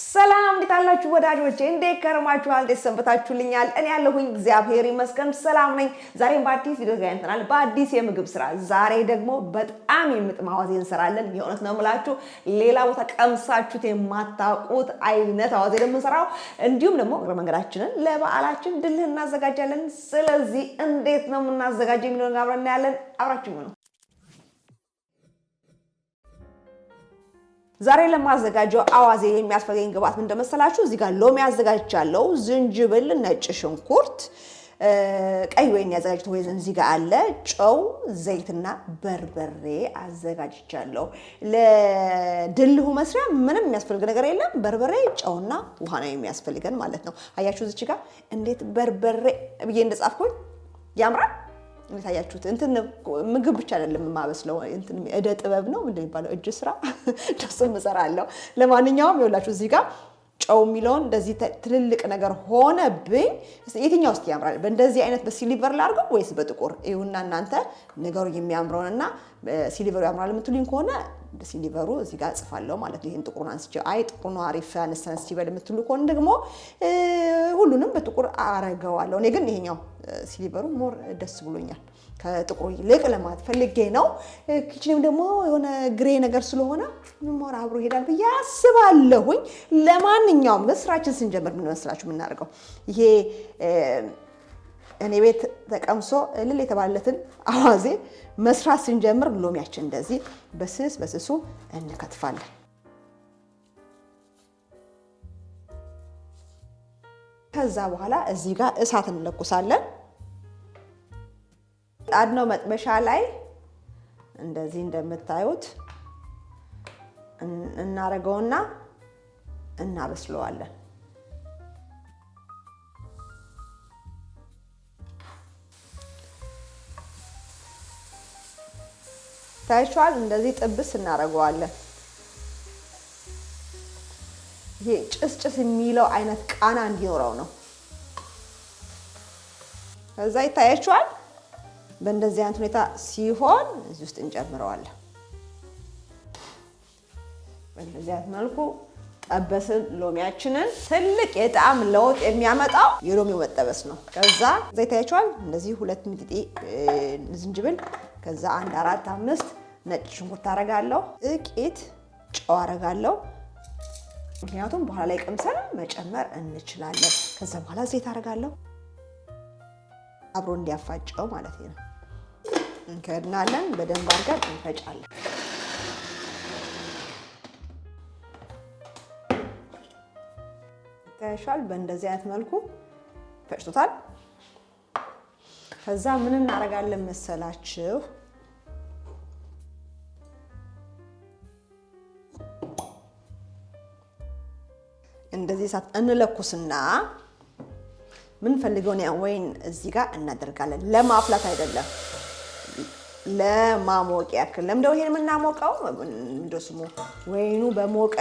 ሰላም እንዴት አላችሁ ወዳጆቼ? እንዴት ከረማችኋል? እንዴት ሰንበታችሁልኛል? እኔ ያለሁኝ እግዚአብሔር ይመስገን ሰላም ነኝ። ዛሬም በአዲስ ቪዲዮ ተገናኝተናል፣ በአዲስ የምግብ ስራ። ዛሬ ደግሞ በጣም የምጥም አዋዜ እንሰራለን። የእውነት ነው የምላችሁ፣ ሌላ ቦታ ቀምሳችሁት የማታውቁት አይነት አዋዜ ነው የምንሰራው። እንዲሁም ደግሞ እግረ መንገዳችንን ለበዓላችን ድልህ እናዘጋጃለን። ስለዚህ እንዴት ነው የምናዘጋጀው የሚለውን አብረን እናያለን። አብራችሁ ነው ዛሬ ለማዘጋጀው አዋዜ የሚያስፈልገኝ ግብአት ምን እንደመሰላችሁ እዚህ ጋር ሎሚ አዘጋጅቻለሁ፣ ዝንጅብል፣ ነጭ ሽንኩርት፣ ቀይ ወይን ያዘጋጅ ወይን እዚህ ጋር አለ፣ ጨው፣ ዘይትና በርበሬ አዘጋጅቻለሁ። ለድልሁ መስሪያ ምንም የሚያስፈልግ ነገር የለም። በርበሬ፣ ጨውና ውሃ ነው የሚያስፈልገን ማለት ነው። አያችሁ እዚች ጋር እንዴት በርበሬ ብዬ እንደጻፍኩኝ ያምራል። የታያችሁት እንትን ምግብ ብቻ አይደለም የማበስለው፣ እንትን እደ ጥበብ ነው እንደሚባለው እጅ ስራ ደስም እሰራለሁ። ለማንኛውም ይኸውላችሁ እዚህ ጋር ጨው የሚለውን እንደዚህ ትልልቅ ነገር ሆነብኝ። የትኛው ውስጥ ያምራል? በእንደዚህ አይነት በሲሊቨር ላድርገው ወይስ በጥቁር? ይሁና እናንተ ነገሩ የሚያምረውን እና ሲሊቨሩ ያምራል የምትሉኝ ከሆነ ሲሊቨሩ እዚህ ጋር እጽፋለሁ ማለት ነው። ይህን ጥቁሩን አንስቼ አይ ጥቁሩ አሪፍ አነሳን ሲበል የምትሉ ከሆነ ደግሞ ሁሉንም በጥቁር አረገዋለሁ። እኔ ግን ይሄኛው ሲሊቨሩ ሞር ደስ ብሎኛል። ከጥቁሩ ይልቅ ለማት ፈልጌ ነው። ኪችንም ደግሞ የሆነ ግሬ ነገር ስለሆነ ሞር አብሮ ይሄዳል ብዬ አስባለሁኝ። ለማንኛውም ስራችን ስንጀምር ምን መስላችሁ የምናደርገው ይሄ እኔ ቤት ተቀምሶ እልል የተባለለትን አዋዜ መስራት ስንጀምር ሎሚያችን እንደዚህ በስስ በስሱ እንከትፋለን። ከዛ በኋላ እዚህ ጋር እሳት እንለኩሳለን። ጣድ ነው መጥበሻ ላይ እንደዚህ እንደምታዩት እናረገውና እናበስለዋለን። ታይቸዋል። እንደዚህ ጥብስ እናደርገዋለን። ይሄ ጭስ ጭስ የሚለው አይነት ቃና እንዲኖረው ነው። ከዛ ይታያችኋል። በእንደዚህ አይነት ሁኔታ ሲሆን እዚህ ውስጥ እንጨምረዋለን። በእንደዚህ አይነት መልኩ ጠበስን ሎሚያችንን። ትልቅ የጣዕም ለውጥ የሚያመጣው የሎሚው መጠበስ ነው። ከዛ እዛ ይታያችኋል። እንደዚህ ሁለት ሚጥጢ ዝንጅብል፣ ከዛ አንድ አራት አምስት ነጭ ሽንኩርት አረጋለሁ። ጥቂት ጨው አረጋለሁ፣ ምክንያቱም በኋላ ላይ ቅምሰን መጨመር እንችላለን። ከዛ በኋላ ዘይት አረጋለሁ፣ አብሮ እንዲያፋጨው ማለት ነው። እንከድናለን፣ በደንብ አድርገን እንፈጫለን። ይታያሻል። በእንደዚህ አይነት መልኩ ፈጭቶታል። ከዛ ምን እናደርጋለን መሰላችሁ? እሳት እንለኩስና ምንፈልገውን ወይን እዚህ ጋር እናደርጋለን። ለማፍላት አይደለም፣ ለማሞቅ ያክል። ለምደው ይሄን የምናሞቀው እንደስሙ ወይኑ በሞቀ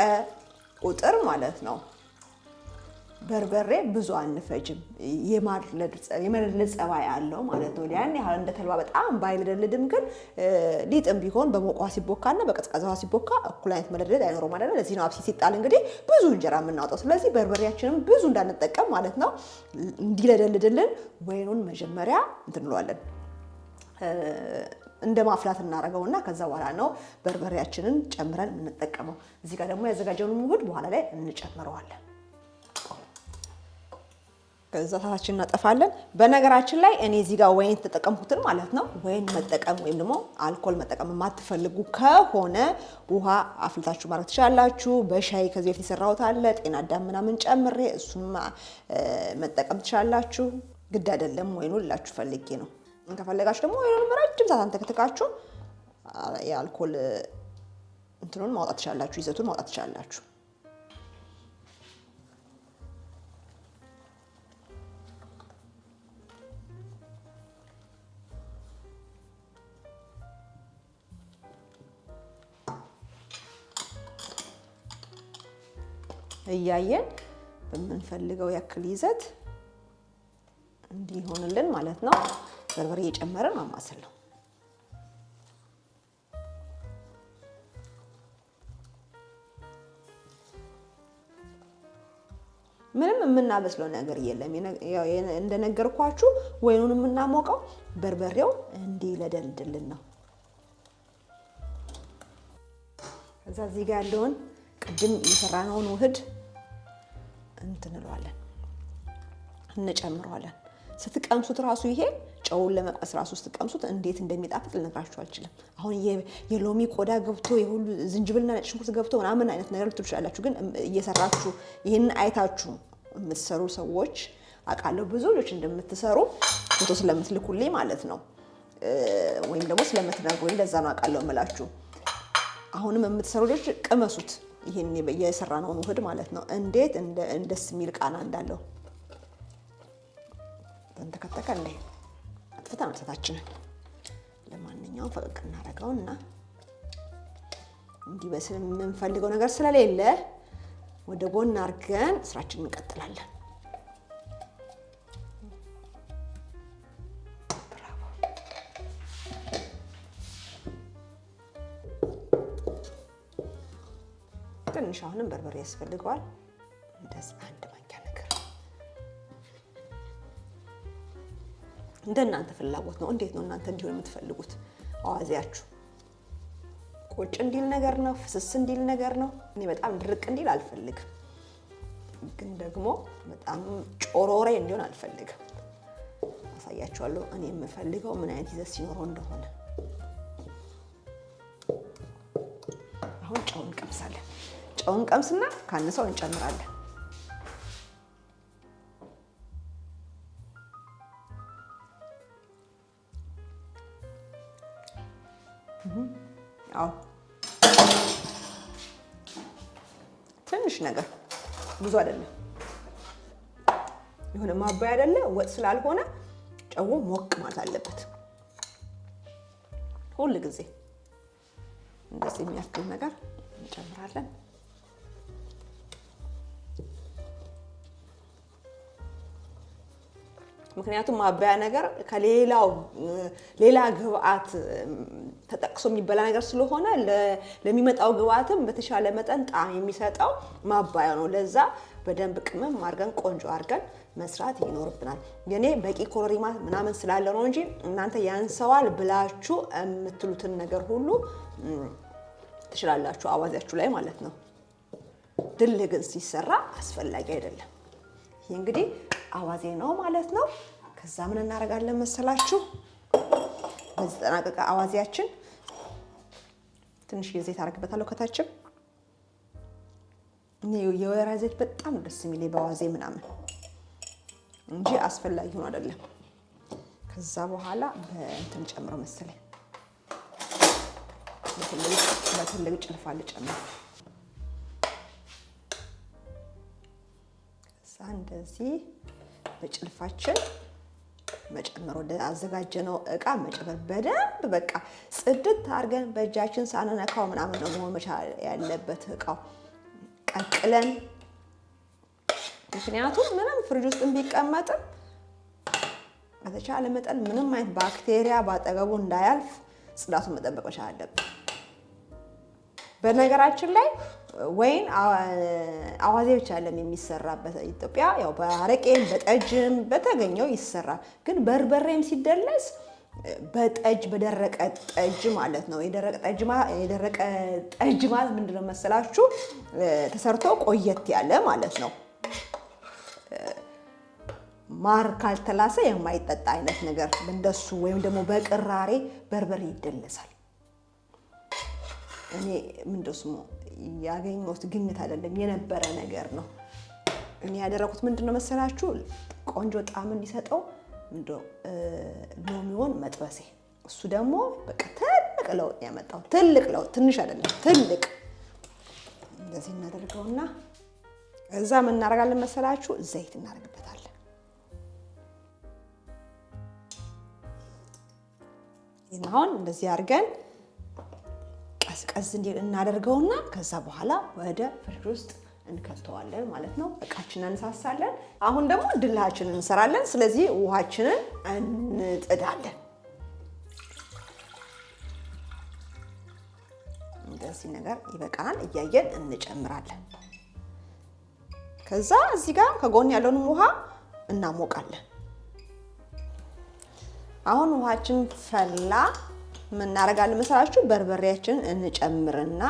ቁጥር ማለት ነው በርበሬ ብዙ አንፈጅም። የመለድለድ ጸባይ አለው ማለት ነው። ያን ያህል እንደ ተልባ በጣም ባይለደልድም ግን ሊጥም ቢሆን በሞቋ ሲቦካ ሲቦካና በቀዝቃዛ ሲቦካ እኩል አይነት መለደድ አይኖረው ማለት ነው። ለዚህ ነው አብሲ ሲጣል እንግዲህ ብዙ እንጀራ የምናወጣው። ስለዚህ በርበሬያችንም ብዙ እንዳንጠቀም ማለት ነው። እንዲለደልድልን ወይኑን መጀመሪያ እንትንለዋለን እንደ ማፍላት እናደርገውና ከዛ በኋላ ነው በርበሬያችንን ጨምረን የምንጠቀመው። እዚህ ጋር ደግሞ ያዘጋጀውን ሙህድ በኋላ ላይ እንጨምረዋለን። ከዛ ታታችን እናጠፋለን። በነገራችን ላይ እኔ እዚህ ጋር ወይን ተጠቀምኩትን ማለት ነው። ወይን መጠቀም ወይም ደግሞ አልኮል መጠቀም የማትፈልጉ ከሆነ ውሃ አፍልታችሁ ማድረግ ትችላላችሁ። በሻይ ከዚህ በፊት የሰራሁት አለ ጤና አዳም ምናምን ጨምሬ እሱም መጠቀም ትችላላችሁ። ግድ አይደለም ወይኑ ልላችሁ ፈልጌ ነው። ከፈለጋችሁ ደግሞ ወይኑን በረጅም ሰዓት አንተክትካችሁ የአልኮል እንትኑን ማውጣት ትችላላችሁ፣ ይዘቱን ማውጣት ትችላላችሁ። እያየን በምንፈልገው ያክል ይዘት እንዲሆንልን ማለት ነው በርበሬ እየጨመረን ማማሰል ነው። ምንም የምናበስለው ነገር የለም። እንደነገርኳችሁ ወይኑን የምናሞቀው በርበሬው እንዲለደልድልን ነው። ከዛ እዚህ ጋር ያለውን ቅድም የሰራነውን ውህድ እንትንለዋለን እንጨምረዋለን። ስትቀምሱት ራሱ ይሄ ጨውን ለመቅመስ ራሱ ስትቀምሱት እንዴት እንደሚጣፍጥ ልነግራችሁ አልችልም። አሁን የሎሚ ቆዳ ገብቶ የሁሉ ዝንጅብልና ነጭ ሽንኩርት ገብቶ ምናምን አይነት ነገር ልትሉ ትችላላችሁ። ግን እየሰራችሁ ይህን አይታችሁ የምትሰሩ ሰዎች አውቃለሁ ብዙ ልጆች እንደምትሰሩ ፎቶ ስለምትልኩልኝ ማለት ነው ወይም ደግሞ ስለምትነግሩኝ፣ ለዛ ነው አውቃለሁ እምላችሁ። አሁንም የምትሰሩ ልጆች ቅመሱት። ይሄን የሰራ ነውን ውህድ ማለት ነው። እንዴት እንደስ የሚል ቃና እንዳለው ተንተከተከ እንዴ አጥፍታ መጥታችንን ለማንኛውም ፈቀቅ እናደርገውና እንዲበስል የምንፈልገው ነገር ስለሌለ ወደ ጎን አድርገን ስራችንን እንቀጥላለን። ትንሽ አሁንም በርበሬ ያስፈልገዋል። እንደዚህ አንድ ማንኪያ ነገር እንደ እናንተ ፍላጎት ነው። እንዴት ነው እናንተ እንዲሆን የምትፈልጉት? አዋዜያችሁ ቁጭ እንዲል ነገር ነው፣ ፍስስ እንዲል ነገር ነው። እኔ በጣም ድርቅ እንዲል አልፈልግም፣ ግን ደግሞ በጣም ጮሮሬ እንዲሆን አልፈልግም። አሳያችኋለሁ እኔ የምፈልገው ምን አይነት ይዘት ሲኖረው እንደሆነ ጨውን ቀምስና ካንሰው እንጨምራለን። አዎ ትንሽ ነገር ብዙ አይደለም። የሆነ ማባያ አይደለ ወጥ ስላልሆነ ጨው ሞቅ ማለት አለበት። ሁል ጊዜ እንደዚህ የሚያክል ነገር እንጨምራለን። ምክንያቱም ማባያ ነገር ከሌላው ሌላ ግብአት ተጠቅሶ የሚበላ ነገር ስለሆነ ለሚመጣው ግብአትም በተሻለ መጠን ጣዕም የሚሰጠው ማባያ ነው። ለዛ በደንብ ቅመም አድርገን ቆንጆ አድርገን መስራት ይኖርብናል። የኔ በቂ ኮረሪማ ምናምን ስላለ ነው እንጂ እናንተ ያንሰዋል ብላችሁ የምትሉትን ነገር ሁሉ ትችላላችሁ፣ አዋዜያችሁ ላይ ማለት ነው። ድል ግን ሲሰራ አስፈላጊ አይደለም። ይህ እንግዲህ አዋዜ ነው ማለት ነው። ከዛ ምን እናደርጋለን መሰላችሁ? በዚህ ተጠናቀቀ አዋዜያችን ትንሽ ዘይት አደርግበታለሁ ከታችም የወይራ ዘይት በጣም ደስ የሚል በአዋዜ ምናምን እንጂ አስፈላጊ ሆኖ አይደለም። ከዛ በኋላ በእንትን ጨምሮ መሰለኝ በትልቅ ጭልፋ ልጨምር። ከዛ እንደዚህ በጭልፋችን መጨመር ወደ አዘጋጀነው እቃ መጨመር በደንብ በቃ ጽድት አድርገን በእጃችን ሳንነካው ምናምን ነው መሆን መቻል ያለበት እቃው ቀቅለን። ምክንያቱም ምንም ፍሪጅ ውስጥ ቢቀመጥም በተቻለ መጠን ምንም አይነት ባክቴሪያ ባጠገቡ እንዳያልፍ ጽዳቱን መጠበቅ መቻል አለብን። በነገራችን ላይ ወይን አዋዜ ብቻ ለም የሚሰራበት ኢትዮጵያ ያው በአረቄም በጠጅም በተገኘው ይሰራል። ግን በርበሬም ሲደለስ በጠጅ በደረቀ ጠጅ ማለት ነው። የደረቀ ጠጅ ማለት ምንድነው መሰላችሁ? ተሰርቶ ቆየት ያለ ማለት ነው። ማር ካልተላሰ የማይጠጣ አይነት ነገር እንደሱ። ወይም ደግሞ በቅራሬ በርበሬ ይደለሳል። እኔ ምንደስሞ ያገኘሁት ግምት አይደለም፣ የነበረ ነገር ነው። እኔ ያደረኩት ምንድን ነው መሰላችሁ? ቆንጆ ጣዕም እንዲሰጠው ሎሚውን መጥበሴ፣ እሱ ደግሞ በቃ ትልቅ ለውጥ ያመጣው ትልቅ ለውጥ፣ ትንሽ አይደለም ትልቅ። እንደዚህ እናደርገውና እዛ ምን እናደርጋለን መሰላችሁ? ዘይት እናደርግበታለን። አሁን እንደዚህ አድርገን ቀዝቀዝ እናደርገውና ከዛ በኋላ ወደ ፍሪጅ ውስጥ እንከተዋለን ማለት ነው። እቃችንን እንሳሳለን። አሁን ደግሞ ድልሃችንን እንሰራለን። ስለዚህ ውሃችንን እንጥዳለን። እንደዚህ ነገር ይበቃናል። እያየን እንጨምራለን። ከዛ እዚህ ጋር ከጎን ያለውንም ውሃ እናሞቃለን። አሁን ውሃችን ፈላ። ምናረጋለን መሰላችሁ? በርበሬያችን እንጨምርና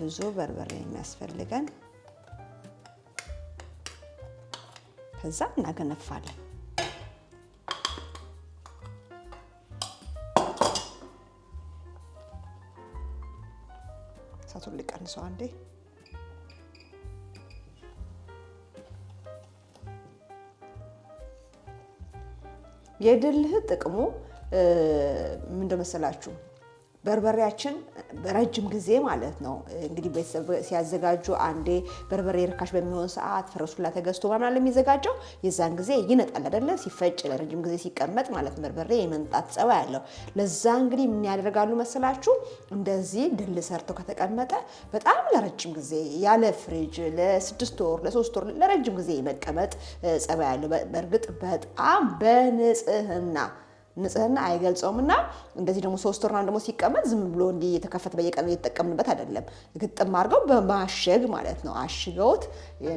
ብዙ በርበሬ የሚያስፈልገን ከዛ እናገነፋለን። እሳቱን ልቀንሰው አንዴ። የድልህ ጥቅሙ ምን እንደመሰላችሁ በርበሬያችን በረጅም ጊዜ ማለት ነው እንግዲህ ቤተሰብ ሲያዘጋጁ አንዴ በርበሬ ርካሽ በሚሆን ሰዓት ፈረሱላ ተገዝቶ ምናምን ለሚዘጋጀው የዛን ጊዜ ይነጣል አይደለ? ሲፈጭ ለረጅም ጊዜ ሲቀመጥ ማለት በርበሬ የመንጣት ጸባይ ያለው። ለዛ እንግዲህ ምን ያደርጋሉ መሰላችሁ? እንደዚህ ድል ሰርተው ከተቀመጠ በጣም ለረጅም ጊዜ ያለ ፍሪጅ ለስድስት ወር ለሶስት ወር ለረጅም ጊዜ የመቀመጥ ጸባይ ያለው። በእርግጥ በጣም በንጽህና ንጽህና አይገልጸውም እና እንደዚህ ደግሞ ሶስት ወር ደግሞ ሲቀመጥ ዝም ብሎ እንዲህ የተከፈተ በየቀኑ እየተጠቀምንበት አይደለም። ግጥም አድርገው በማሸግ ማለት ነው አሽገውት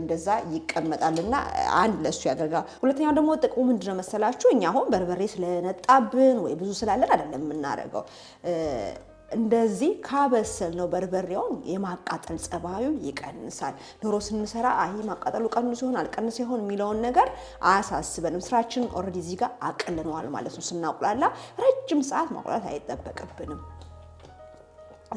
እንደዛ ይቀመጣልና አንድ ለሱ ያደርጋል። ሁለተኛው ደግሞ ጥቅሙ ምንድነው መሰላችሁ? እኛ አሁን በርበሬ ስለነጣብን ወይ ብዙ ስላለን አይደለም የምናደርገው እንደዚህ ካበሰል ነው በርበሬውን የማቃጠል ጸባዩ ይቀንሳል። ዶሮ ስንሰራ አይ ማቃጠሉ ቀንሶ ይሆን አልቀንሶ ይሆን የሚለውን ነገር አያሳስበንም። ስራችን ኦልሬዲ እዚህ ጋር አቅልነዋል ማለት ነው። ስናቁላላ ረጅም ሰዓት ማቁላት አይጠበቅብንም።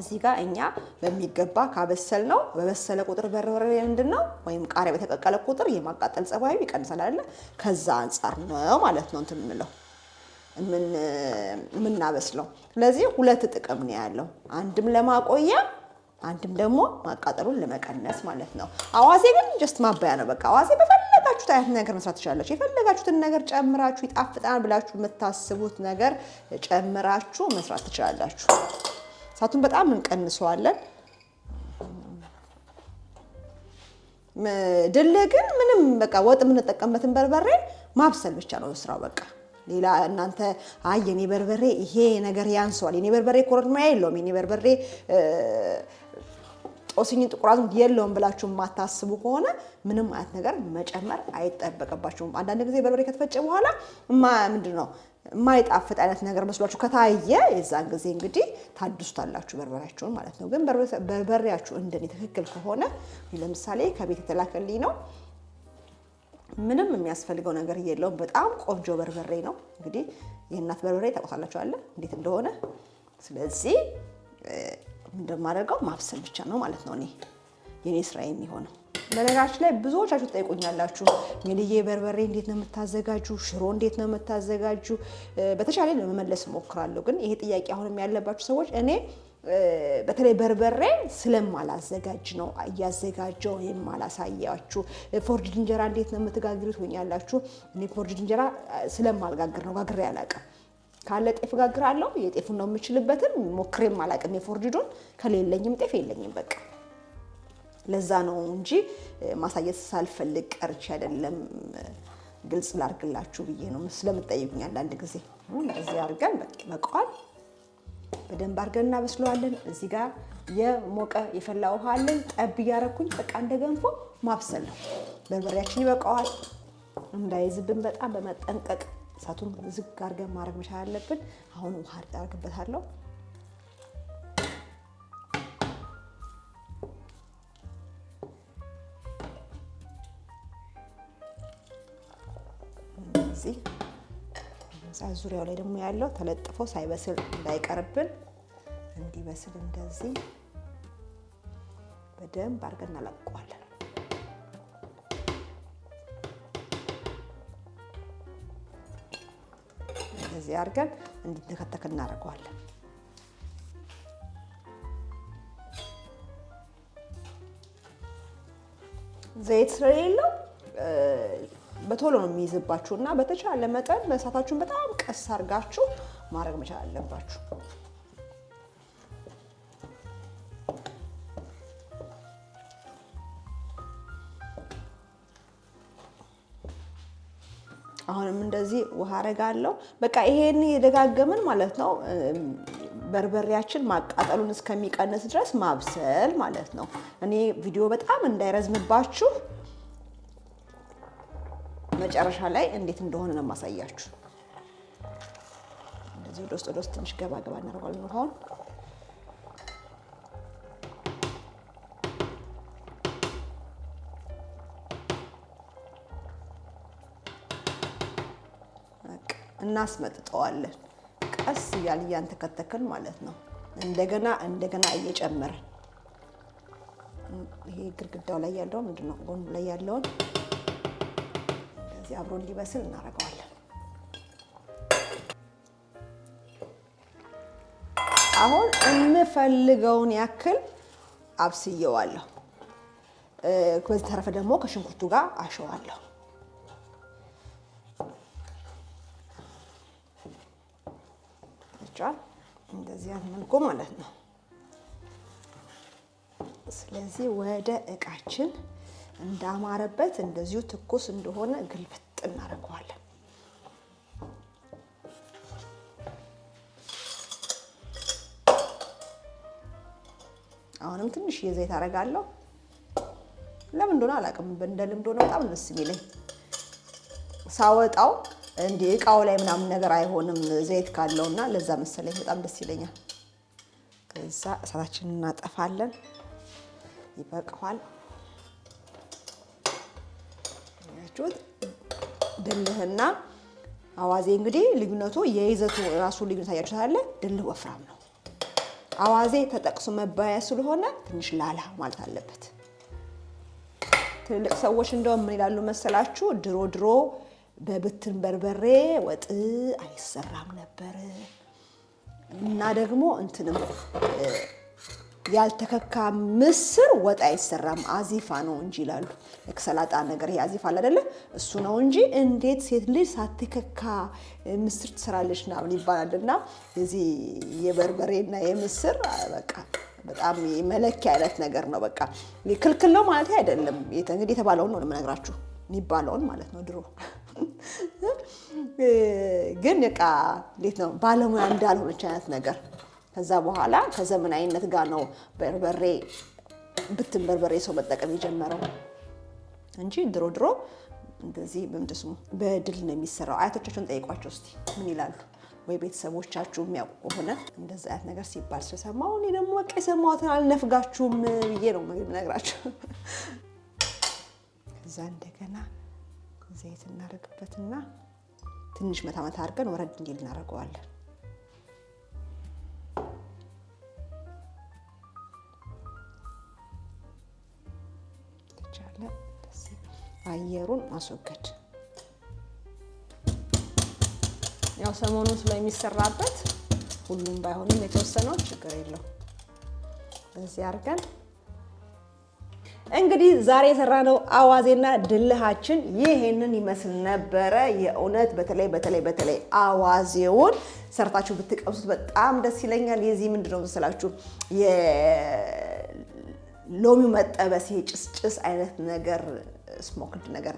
እዚህ ጋር እኛ በሚገባ ካበሰል ነው በበሰለ ቁጥር በርበሬ ምንድን ነው ወይም ቃሪያ በተቀቀለ ቁጥር የማቃጠል ጸባዩ ይቀንሳል አይደለ? ከዛ አንጻር ነው ማለት ነው እንትን የምንለው የምናበስለው። ስለዚህ ሁለት ጥቅም ነው ያለው፣ አንድም ለማቆያ አንድም ደግሞ ማቃጠሉን ለመቀነስ ማለት ነው። አዋዜ ግን ጀስት ማባያ ነው። በቃ አዋዜ በፈለጋችሁት አይነት ነገር መስራት ትችላላችሁ። የፈለጋችሁትን ነገር ጨምራችሁ ይጣፍጣል ብላችሁ የምታስቡት ነገር ጨምራችሁ መስራት ትችላላችሁ። እሳቱን በጣም እንቀንሰዋለን። ድል ግን ምንም በቃ ወጥ የምንጠቀምበትን በርበሬ ማብሰል ብቻ ነው ስራው በቃ ሌላ እናንተ አይ የኔ በርበሬ ይሄ ነገር ያንሰዋል፣ የኔ በርበሬ ኮረድማ የለውም፣ የኔ በርበሬ ጦስኝ ጥቁር የለውም ብላችሁ የማታስቡ ከሆነ ምንም አይነት ነገር መጨመር አይጠበቅባችሁም። አንዳንድ ጊዜ በርበሬ ከተፈጨ በኋላ ምንድን ነው የማይጣፍጥ አይነት ነገር መስሏችሁ ከታየ የዛን ጊዜ እንግዲህ ታድሱታላችሁ በርበሬያችሁን ማለት ነው። ግን በርበሬያችሁ እንደኔ ትክክል ከሆነ ለምሳሌ ከቤት የተላከልኝ ነው ምንም የሚያስፈልገው ነገር የለውም። በጣም ቆንጆ በርበሬ ነው። እንግዲህ የእናት በርበሬ ታውቁታላችኋል እንዴት እንደሆነ። ስለዚህ እንደማደርገው ማብሰል ብቻ ነው ማለት ነው እኔ የኔ ስራ የሚሆነው። በነገራችን ላይ ብዙዎቻችሁ ትጠይቁኛላችሁ፣ እንግዲህ በርበሬ እንዴት ነው የምታዘጋጁ? ሽሮ እንዴት ነው የምታዘጋጁ? በተቻለ ለመመለስ እሞክራለሁ። ግን ይሄ ጥያቄ አሁንም ያለባችሁ ሰዎች እኔ በተለይ በርበሬ ስለማላዘጋጅ ነው እያዘጋጀው የማላሳያችሁ። ፎርድ እንጀራ እንዴት ነው የምትጋግሩት ትሆኛላችሁ። እኔ ፎርድ እንጀራ ስለማልጋግር ነው ጋግሬ አላውቅም። ካለ ጤፍ ጋግራለሁ። የጤፉን ነው የምችልበትን ሞክሬም አላውቅም። የፎርጅዱን ከሌለኝም ጤፍ የለኝም በቃ ለዛ ነው እንጂ ማሳየት ሳልፈልግ ቀርቼ አይደለም። ግልጽ ላርግላችሁ ብዬ ነው። ስለምጠይቁኝ አንዳንድ ጊዜ እዚህ አድርገን በቃ ይበቃዋል በደንብ አድርገን እናበስለዋለን። እዚህ ጋር የሞቀ የፈላ ውሃ አለን። ጠብ እያረኩኝ በቃ እንደ ገንፎ ማብሰል ነው። በርበሬያችን ይበቃዋል። እንዳይዝብን በጣም በመጠንቀቅ እሳቱን ዝግ አድርገን ማድረግ መቻል አለብን። አሁን ውሃ አድርግበታለሁ። ዙሪያው ላይ ደግሞ ያለው ተለጥፎ ሳይበስል እንዳይቀርብን እንዲበስል እንደዚህ በደንብ አድርገን እናለቀዋለን። እንደዚህ አድርገን እንዲተከተክ እናደርገዋለን። ዘይት ስለሌለው በቶሎ ነው የሚይዝባችሁ እና በተቻለ መጠን መሳታችሁን በጣም ቀስ አድርጋችሁ ማድረግ መቻል አለባችሁ። አሁንም እንደዚህ ውሃ አረጋለሁ። በቃ ይሄን የደጋገምን ማለት ነው። በርበሬያችን ማቃጠሉን እስከሚቀንስ ድረስ ማብሰል ማለት ነው። እኔ ቪዲዮ በጣም እንዳይረዝምባችሁ መጨረሻ ላይ እንዴት እንደሆነ ነው የማሳያችሁ። እዚህ ወደ ውስጥ ወደ ውስጥ ትንሽ ገባ ገባ እናደርገዋለን ውሃውን እናስመጥጠዋለን ቀስ እያል እያንተከተክን ማለት ነው። እንደገና እንደገና እየጨመርን ይሄ ግድግዳው ላይ ያለውን ምንድነው፣ ጎኑ ላይ ያለውን እዚህ አብሮ እንዲበስል እናደርገዋለን። አሁን የምፈልገውን ያክል አብስየዋለሁ። በዚህ ተረፈ ደግሞ ከሽንኩርቱ ጋር አሸዋለሁ። እንደዚህ አይነት መልኩ ማለት ነው። ስለዚህ ወደ እቃችን እንዳማረበት እንደዚሁ ትኩስ እንደሆነ ግልብጥ እናደርገዋለን። አሁንም ትንሽ የዘይት አደርጋለሁ። ለምን እንደሆነ አላውቅም፣ እንደ ልምዶ ሆነ በጣም ደስ የሚለኝ ሳወጣው እንዲህ እቃው ላይ ምናምን ነገር አይሆንም ዘይት ካለውና ለዛ መሰለኝ በጣም ደስ ይለኛል። ከዛ እሳታችንን እናጠፋለን። ይበቃዋል። ያችሁት ድልህና አዋዜ እንግዲህ ልዩነቱ የይዘቱ ራሱ ልዩነት አያችሁታለ። ድልህ ወፍራም ነው። አዋዜ ተጠቅሶ መባያ ስለሆነ ትንሽ ላላ ማለት አለበት። ትልልቅ ሰዎች እንደውም ምን ይላሉ መሰላችሁ? ድሮ ድሮ በብትን በርበሬ ወጥ አይሰራም ነበር እና ደግሞ እንትንም ያልተከካ ምስር ወጥ አይሰራም አዚፋ ነው እንጂ ይላሉ። ሰላጣ ነገር ይሄ አዚፋ አይደለ? እሱ ነው እንጂ እንዴት ሴት ልጅ ሳትከካ ምስር ትሰራለች ምናምን ይባላል። እና የዚህ የበርበሬና የምስር በቃ በጣም የመለኪያ አይነት ነገር ነው። በቃ ክልክል ነው ማለት አይደለም። እንግዲህ የተባለውን ነው የምነግራችሁ፣ የሚባለውን ማለት ነው። ድሮ ግን በቃ እንዴት ነው ባለሙያ እንዳልሆነች አይነት ነገር ከዛ በኋላ ከዘመናዊነት ጋር ነው በርበሬ ብትን በርበሬ ሰው መጠቀም የጀመረው እንጂ ድሮ ድሮ እንደዚህ በምድስሙ በድል ነው የሚሰራው። አያቶቻቸውን ጠይቋቸው እስቲ ምን ይላሉ? ወይ ቤተሰቦቻችሁ የሚያውቁ ከሆነ እንደዚ አይነት ነገር ሲባል ስለሰማሁ እኔ ደግሞ በቃ የሰማሁትን አልነፍጋችሁም ብዬ ነው የምነግራቸው። ከዛ እንደገና ዘይት እናደርግበትና ትንሽ መታመት አድርገን ወረድ እንዲል እናደርገዋለን። አየሩን ማስወገድ ያው ሰሞኑን ስለሚሰራበት ሁሉም ባይሆንም የተወሰነው ችግር የለው። በዚህ አድርገን እንግዲህ ዛሬ የሰራነው አዋዜና ድልሃችን ይሄንን ይመስል ነበረ። የእውነት በተለይ በተለይ በተለይ አዋዜውን ሰርታችሁ ብትቀብሱት በጣም ደስ ይለኛል። የዚህ ምንድነው ነው ስላችሁ የሎሚው መጠበስ ይሄ ጭስጭስ አይነት ነገር ስሞክድ ነገር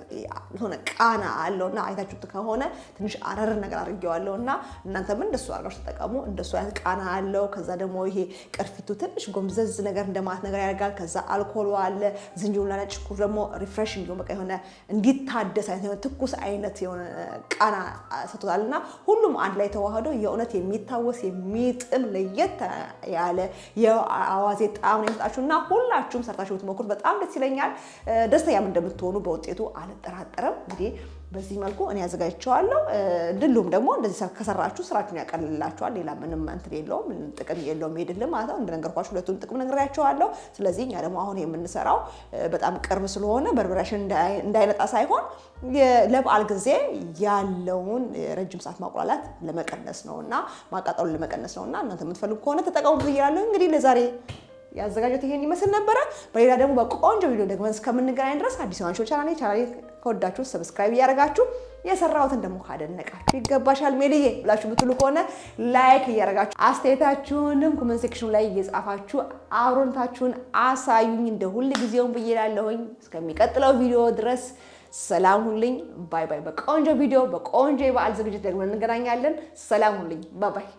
የሆነ ቃና አለው እና አይታችሁት ከሆነ ትንሽ አረር ነገር አድርጌዋለሁ እና እናንተም እንደሱ አድርጋችሁ ተጠቀሙ። እንደሱ አይነት ቃና አለው። ከዛ ደግሞ ይሄ ቅርፊቱ ትንሽ ጎምዘዝ ነገር እንደማት ነገር ያደርጋል። ከዛ አልኮሉ አለ። ዝንጅብልና ነጭ ሽንኩርት ደግሞ ሪፍሬሽ እንዲሆን በቃ የሆነ እንዲታደስ አይነት ትኩስ አይነት የሆነ ቃና ሰጥቶታል እና ሁሉም አንድ ላይ ተዋህዶ የእውነት የሚታወስ የሚጥም ለየት ያለ የአዋዜ ጣዕም ነው የሚሰጣችሁ እና ሁላችሁም ሰርታችሁ ብትሞክሩት በጣም ደስ ይለኛል። ደስተኛም እንደምትሆኑ እንደምትሆኑ በውጤቱ አልጠራጠረም። እንግዲህ በዚህ መልኩ እኔ ያዘጋጅቸዋለሁ። ድሉም ደግሞ እንደዚህ ከሰራችሁ ስራችሁን ያቀልላችኋል። ሌላ ምንም እንትን የለውም፣ ጥቅም የለውም። ሄድልም ማለት ነው። እንደነገርኳችሁ ሁለቱን ጥቅም ነግሬያቸዋለሁ። ስለዚህ እኛ ደግሞ አሁን የምንሰራው በጣም ቅርብ ስለሆነ በርበሬያችን እንዳይነጣ ሳይሆን ለበዓል ጊዜ ያለውን ረጅም ሰዓት ማቁላላት ለመቀነስ ነው እና ማቃጠሉን ለመቀነስ ነው እና እናንተ የምትፈልጉ ከሆነ ተጠቀሙ ብያለሁ። እንግዲህ ለዛሬ ያዘጋጀሁት ይሄን ይመስል ነበረ። በሌላ ደግሞ በቆንጆ ቪዲዮ ደግመን እስከምንገናኝ ድረስ አዲስ ሆናችሁ ቻናሌ ቻናሌ ከወዳችሁ ሰብስክራይብ እያደረጋችሁ የሰራሁትን ደግሞ ካደነቃችሁ ይገባሻል ሜልዬ ብላችሁ ብትሉ ከሆነ ላይክ እያደረጋችሁ አስተያየታችሁንም ኮመንት ሴክሽኑ ላይ እየጻፋችሁ አብሮነታችሁን አሳዩኝ። እንደ ሁል ጊዜውን ብዬ ላለሁኝ እስከሚቀጥለው ቪዲዮ ድረስ ሰላም ሁልኝ። ባይ ባይ። በቆንጆ ቪዲዮ በቆንጆ የበዓል ዝግጅት ደግሞ እንገናኛለን። ሰላም ሁልኝ። ባይ ባይ።